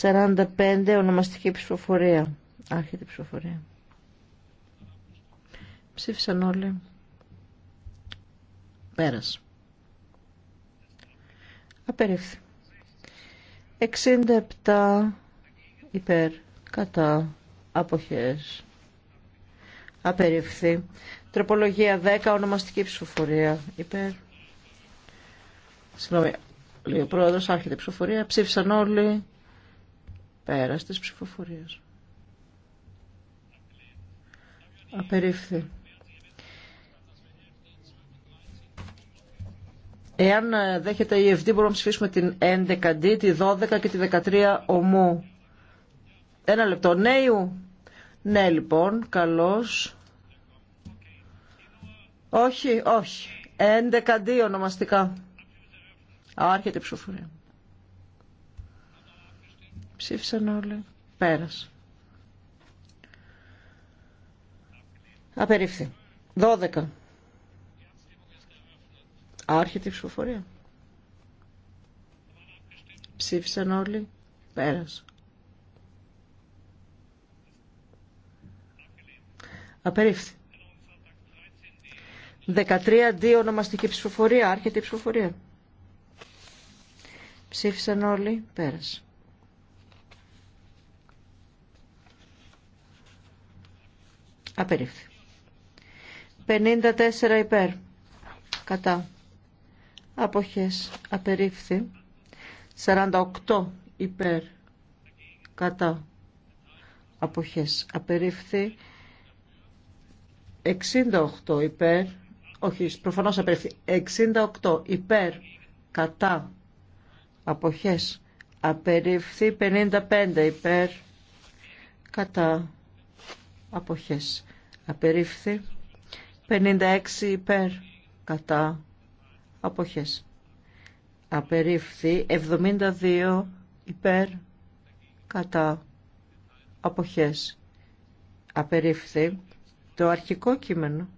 45 ονομαστική ψηφοφορία. Άρχεται ψηφοφορία. Ψήφισαν όλοι. Πέρασε. Απερίφθη. 67 υπέρ κατά αποχές. Απερίφθη. Τροπολογία 10 ονομαστική ψηφοφορία υπέρ. Συγγνώμη, λέει ο πρόεδρος, άρχεται ψηφοφορία. Ψήφισαν όλοι. Πέρας της ψηφοφορίας. Απερίφθη. Εάν ε, δέχεται η ΕΦΔ μπορούμε να ψηφίσουμε την 11 η τη 12 η και τη 13 η ομού. Ένα λεπτό. Νέιου. Ναι λοιπόν, καλώς. Όχι, όχι. 11D ονομαστικά. Άρχεται η ψηφοφορία. Ψήφισαν όλοι. Πέρασε. Απερίφθη. 12. Άρχεται η ψηφοφορία. Ψήφισαν όλοι. Πέρασε. Απερίφθη. Δύο. ονομαστική ψηφοφορία. Άρχεται η ψηφοφορία. Ψήφισαν όλοι. Πέρασε. Απερίφθη. 54 υπέρ. Κατά. Αποχές. Απερίφθη. 48 υπέρ. Κατά. Αποχές. Απερίφθη. 68 υπέρ. Όχι, προφανώς απερίφθη. 68 υπέρ. Κατά. Αποχές. Απερίφθη. 55 υπέρ. Κατά. Αποχές απερίφθη 56 υπέρ κατά αποχές απερίφθη 72 υπέρ κατά αποχές απερίφθη το αρχικό κείμενο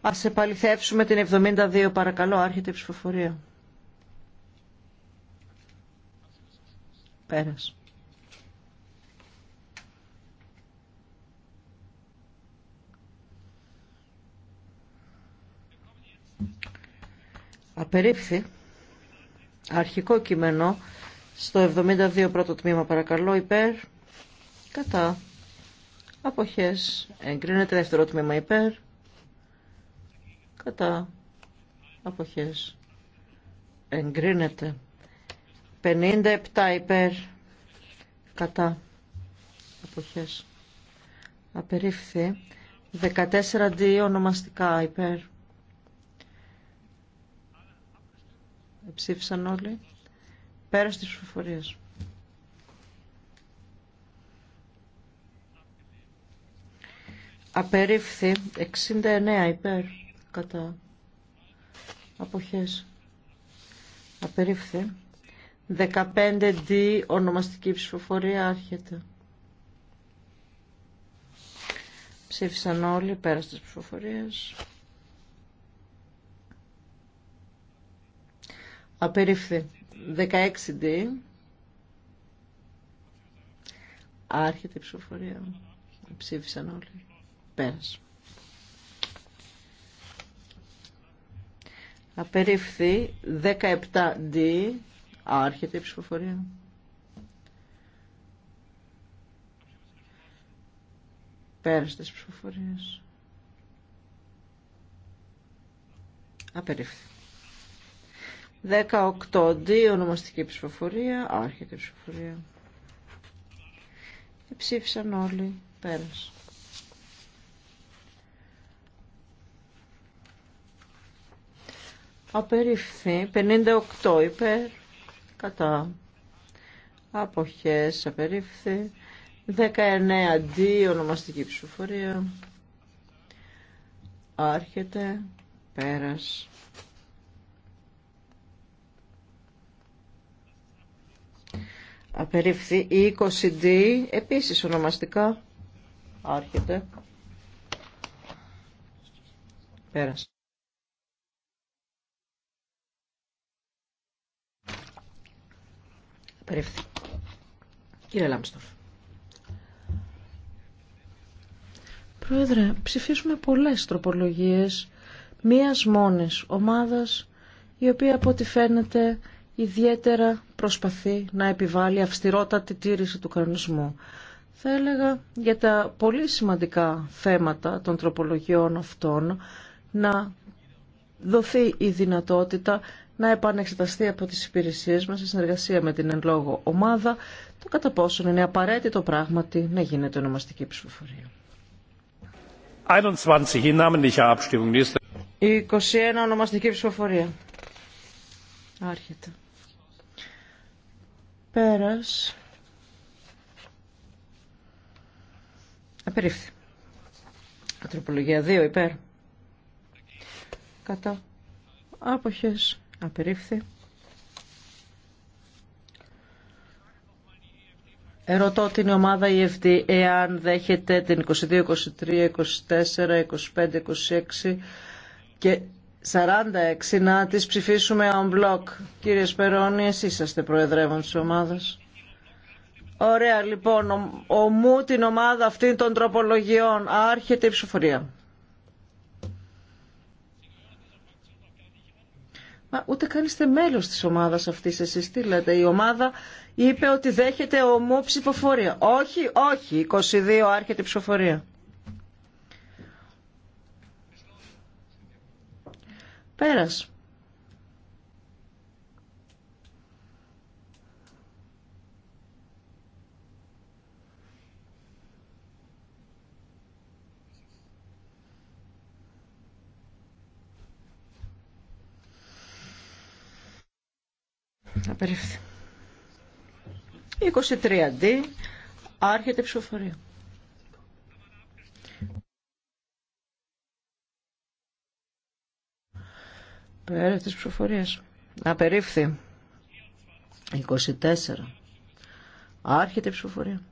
Ας επαληθεύσουμε την 72 παρακαλώ άρχεται η ψηφοφορία πέρας Απερίφθη. Αρχικό κείμενο. Στο 72 πρώτο τμήμα παρακαλώ υπέρ. Κατά. Αποχές. Εγκρίνεται δεύτερο τμήμα υπέρ. Κατά. Αποχές. Εγκρίνεται. 57 υπέρ. Κατά. Αποχές. Απερίφθη. 14 αντί ονομαστικά υπέρ Ψήφισαν όλοι. Πέρα τη ψηφοφορία. Απερίφθη 69 υπέρ κατά αποχές. Απερίφθη 15D ονομαστική ψηφοφορία άρχεται. Ψήφισαν όλοι πέρα τη ψηφοφορία. Απερίφθη. 16D. Άρχεται η ψηφοφορία. Ψήφισαν Πέρας. Πέρασε. Απερίφθη 17D. Άρχεται η ψηφοφορία. Πέρασε τις ψηφοφορίες. Απερίφθη. 18. Δύο ονομαστική ψηφοφορία. Άρχεται ψηφοφορία. ψήφισαν όλοι. Πέρασε. Απερίφθη, 58 υπέρ. Κατά. Αποχές. Απερίφθη. 19 αντί ονομαστική ψηφοφορία. Άρχεται. Πέρας. απερίφθη. Η 20D επίσης ονομαστικά άρχεται. Πέρασε. Απερίφθη. Κύριε Λάμστορφ. Πρόεδρε, ψηφίσουμε πολλές τροπολογίες μίας μόνης ομάδας η οποία από ό,τι φαίνεται ιδιαίτερα προσπαθεί να επιβάλλει αυστηρότατη τήρηση του κανονισμού. Θα έλεγα για τα πολύ σημαντικά θέματα των τροπολογιών αυτών να δοθεί η δυνατότητα να επανεξεταστεί από τις υπηρεσίες μας σε συνεργασία με την εν λόγω ομάδα το κατά πόσον είναι απαραίτητο πράγματι να γίνεται ονομαστική ψηφοφορία. 21 ονομαστική ψηφοφορία. Άρχεται. Πέρας. Απερίφθη. Ατροπολογία 2 υπέρ. Κατά. Άποχες. Απερίφθη. Ερωτώ την ομάδα EFD εάν δέχεται την 22, 23, 24, 25, 26 και 46 να τις ψηφίσουμε on block. Κύριε Σπερώνη, εσείς είστε προεδρεύον της ομάδας. Ωραία, λοιπόν, ομού την ομάδα αυτή των τροπολογιών. Άρχεται η ψηφοφορία. Μα ούτε καν είστε μέλος της ομάδας αυτής εσείς. Τι λέτε, η ομάδα είπε ότι δέχεται ομού ψηφοφορία. Όχι, όχι, 22 άρχεται η ψηφοφορία. Πέρας. Απερίφθη. 23D. Άρχεται ψηφοφορία. Πέρα της ψηφοφορίας. Απερίφθη. 24. Άρχεται η ψηφοφορία.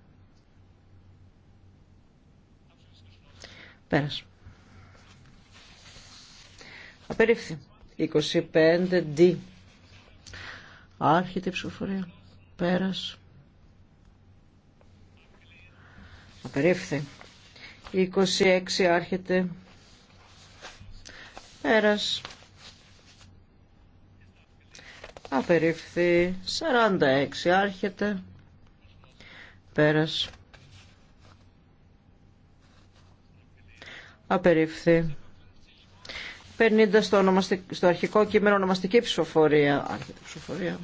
Πέρας. Απερίφθη. 25D. Άρχεται η ψηφοφορία. Πέρας. Απερίφθη. 26 άρχεται. Πέρας απερίφθη 46 άρχεται πέρας Απερίφθει. 50 στο, στο αρχικό κείμενο ονομαστική ψηφοφορία άρχεται ψηφοφορία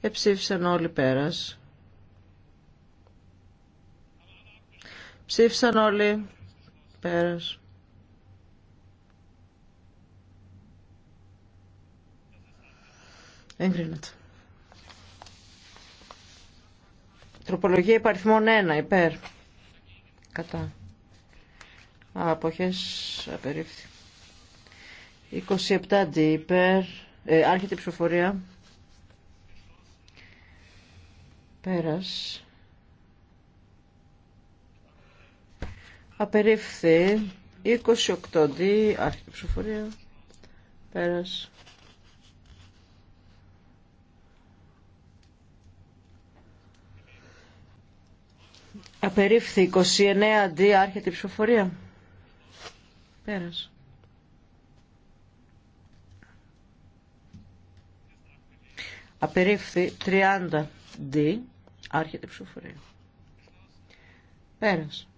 εψήφισαν όλοι πέρας ψήφισαν όλοι πέρας Εγκρίνεται. Τροπολογία υπαριθμών 1 υπέρ. Κατά. Αποχές απερίφθη. 27 αντί υπέρ. Ε, άρχεται η ψηφοφορία. Πέρας. Απερίφθη. 28 αντί. Άρχεται η ψηφοφορία. Πέρας. Απερίφθη 29 αντί άρχεται η ψηφοφορία. Πέρας. Απερίφθη 30 D άρχεται η ψηφοφορία. Πέρας.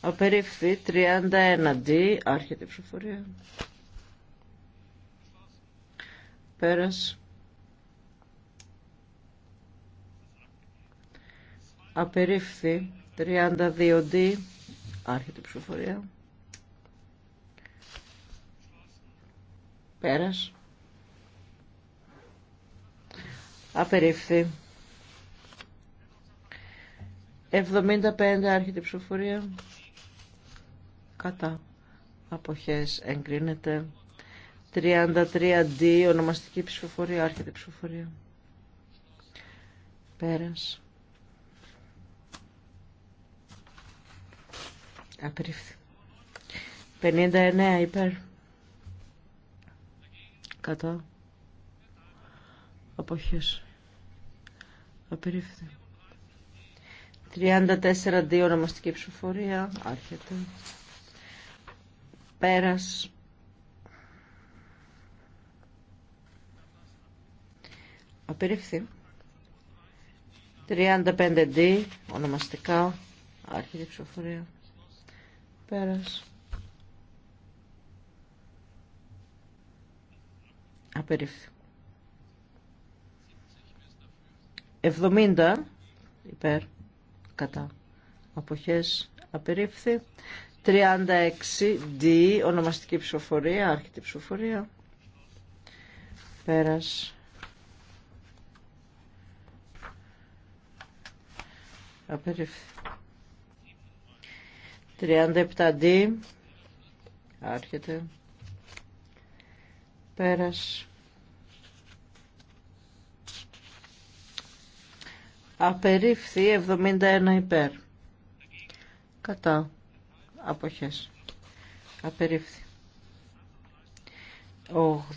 Απερίφθη 31 D άρχεται η ψηφοφορία. Πέρας. απερίφθη 32D άρχεται ψηφοφορία πέρας απερίφθη 75 άρχεται η ψηφοφορία κατά αποχές εγκρίνεται 33D ονομαστική ψηφοφορία άρχεται ψηφοφορία πέρας Απερίφθη. 59 υπέρ. Κατά. Αποχές. Απερίφθη. 34-2 ονομαστική ψηφοφορία. Άρχεται. Πέρας. Απερίφθη. 35D ονομαστικά. Άρχεται η ψηφοφορία. Πέρασε. Απερίφθη. 70 υπέρ κατά αποχές απερίφθη 36D ονομαστική ψηφοφορία άρχιτη ψηφοφορία πέρας απερίφθη 37D άρχεται πέρας απερίφθη 71 υπέρ κατά αποχές απερίφθη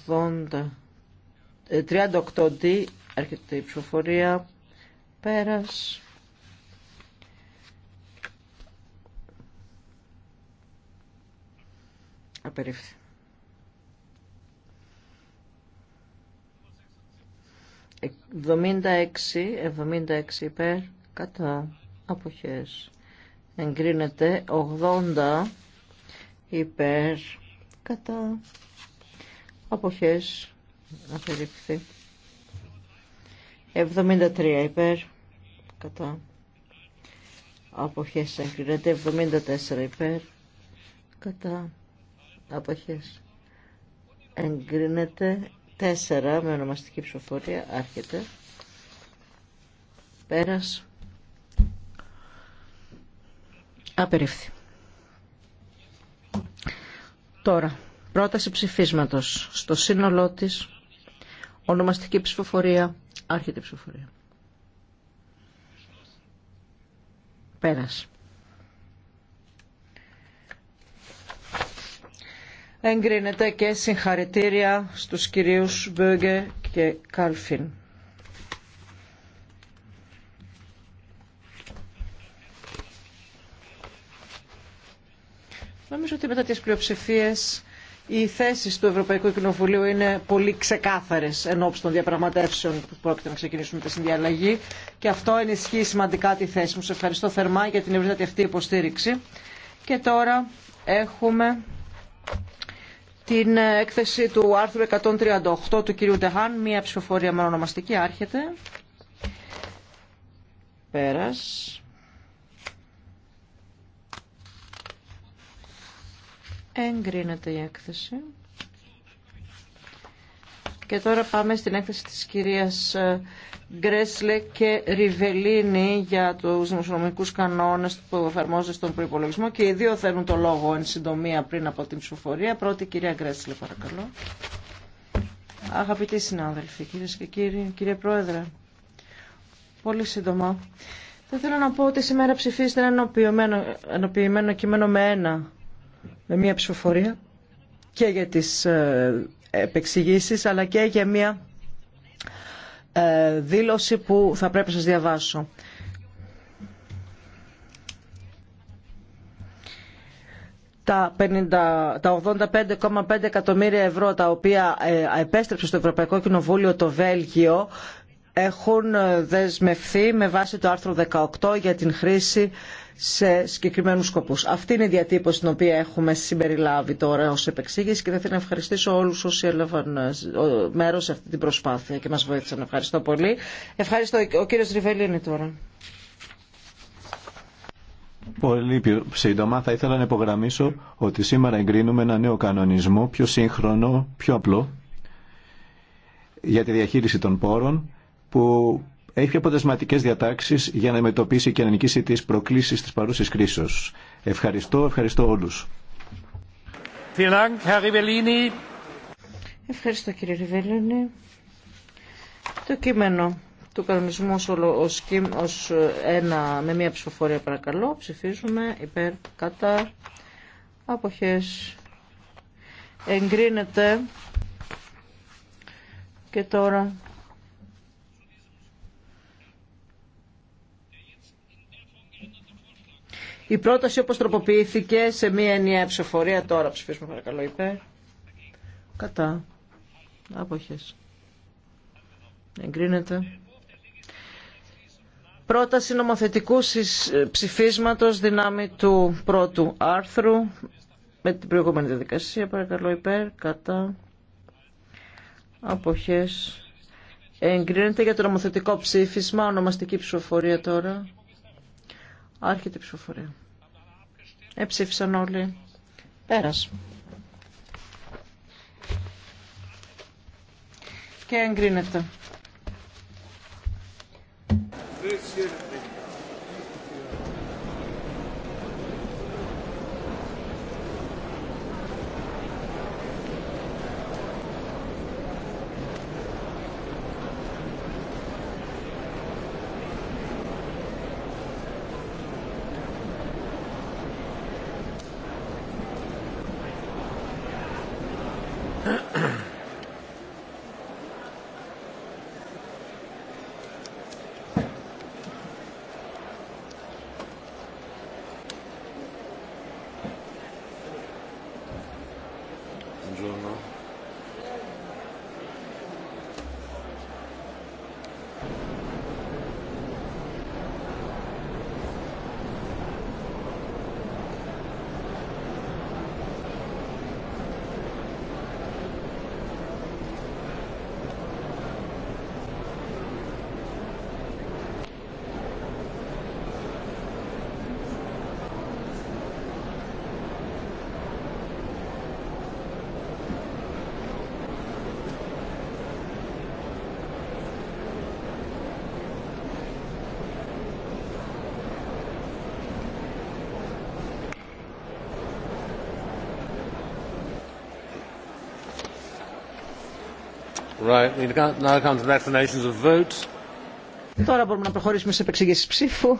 80 38D έρχεται η ψηφοφορία πέρας απερίφθη. Εβδομήντα 76, 76 υπέρ, κατά, αποχές. Εγκρίνεται 80 υπέρ, κατά, αποχές, απερίφθη. 73 υπέρ, κατά, αποχές εγκρίνεται 74 υπέρ, κατά αποχές εγκρίνεται Τέσσερα με ονομαστική ψηφοφορία άρχεται πέρας απερίφθη τώρα πρόταση ψηφίσματος στο σύνολό της ονομαστική ψηφοφορία άρχεται ψηφοφορία πέρας εγκρίνεται και συγχαρητήρια στους κυρίους Μπέγκε και Κάλφιν. Νομίζω ότι μετά τις πλειοψηφίες οι θέσεις του Ευρωπαϊκού Κοινοβουλίου είναι πολύ ξεκάθαρες εν των διαπραγματεύσεων που πρόκειται να ξεκινήσουμε τη συνδιαλλαγή και αυτό ενισχύει σημαντικά τη θέση μου. Σε ευχαριστώ θερμά για την ευρύτατη αυτή υποστήριξη. Και τώρα έχουμε την έκθεση του άρθρου 138 του κυρίου Ντεχάν, μία ψηφοφορία με ονομαστική, άρχεται. Πέρας. Εγκρίνεται η έκθεση. Και τώρα πάμε στην έκθεση της κυρίας Γκρέσλε και Ριβελίνη για τους δημοσιονομικούς κανόνες που εφαρμόζονται στον προϋπολογισμό και οι δύο θέλουν το λόγο εν συντομία πριν από την ψηφοφορία. Πρώτη κυρία Γκρέσλε παρακαλώ. Αγαπητοί συνάδελφοι, κυρίες και κύριοι, κύριε Πρόεδρε, πολύ σύντομα. Θα ήθελα να πω ότι σήμερα ψηφίστε ένα ενοποιημένο, ενοποιημένο κείμενο με ένα, με μία ψηφοφορία και για τις ε, επεξηγήσεις αλλά και για μία ε, δήλωση που θα πρέπει να σας διαβάσω. τα, 50, τα 85,5 εκατομμύρια ευρώ τα οποία ε, επέστρεψε στο Ευρωπαϊκό Κοινοβούλιο το Βέλγιο έχουν ε, δεσμευθεί με βάση το άρθρο 18 για την χρήση σε συγκεκριμένου σκοπούς. Αυτή είναι η διατύπωση την οποία έχουμε συμπεριλάβει τώρα ως επεξήγηση και θα ήθελα να ευχαριστήσω όλους όσοι έλαβαν ε, μέρος σε αυτή την προσπάθεια και μας βοήθησαν. Ευχαριστώ πολύ. Ευχαριστώ. Ο κύριος Ριβελίνη τώρα. Πολύ πιο σύντομα θα ήθελα να υπογραμμίσω ότι σήμερα εγκρίνουμε ένα νέο κανονισμό, πιο σύγχρονο, πιο απλό για τη διαχείριση των πόρων που έχει πιο αποτελεσματικέ διατάξει για να αντιμετωπίσει και να νικήσει τι προκλήσει τη παρούση κρίσεω. Ευχαριστώ, ευχαριστώ όλου. Ευχαριστώ κύριε Ριβελίνη. Το κείμενο του κανονισμού ως ένα με μία ψηφοφορία παρακαλώ. Ψηφίζουμε υπέρ κατά αποχές. Εγκρίνεται και τώρα Η πρόταση όπως τροποποιήθηκε σε μία ενιαία ψηφοφορία τώρα ψηφίσουμε παρακαλώ υπέρ. Κατά. Άποχες. Εγκρίνεται. Πρόταση νομοθετικού ε, ψηφίσματος δυνάμει του πρώτου άρθρου με την προηγούμενη διαδικασία. Παρακαλώ υπέρ. Κατά. Αποχές. Εγκρίνεται για το νομοθετικό ψήφισμα, ονομαστική ψηφοφορία τώρα. Άρχεται η ψηφοφορία. Εψήφισαν όλοι. Πέρας. Και εγκρίνεται. Τώρα μπορούμε να προχωρήσουμε σε επεξηγήσεις ψήφου.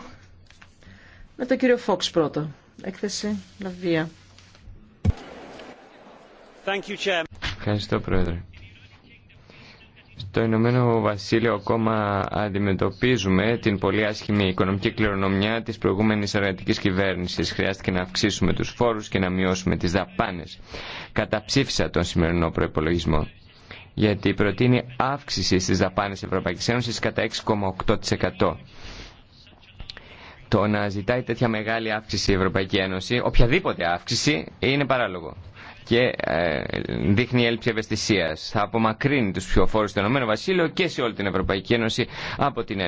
Με τον κύριο Φόξ πρώτο. Έκθεση Λαβία. Ευχαριστώ, Πρόεδρε. Στο Ηνωμένο Βασίλειο ακόμα αντιμετωπίζουμε την πολύ άσχημη οικονομική κληρονομιά της προηγούμενης εργατικής κυβέρνησης. Χρειάστηκε να αυξήσουμε τους φόρους και να μειώσουμε τις δαπάνες. Καταψήφισα τον σημερινό προπολογισμό γιατί προτείνει αύξηση στις δαπάνες Ευρωπαϊκής Ένωσης κατά 6,8%. Το να ζητάει τέτοια μεγάλη αύξηση η Ευρωπαϊκή Ένωση, οποιαδήποτε αύξηση, είναι παράλογο και ε, δείχνει έλλειψη ευαισθησίας. Θα απομακρύνει του ψηφοφόρου του Ηνωμένο Βασίλειο και σε όλη την Ευρωπαϊκή Ένωση από την Ένωση.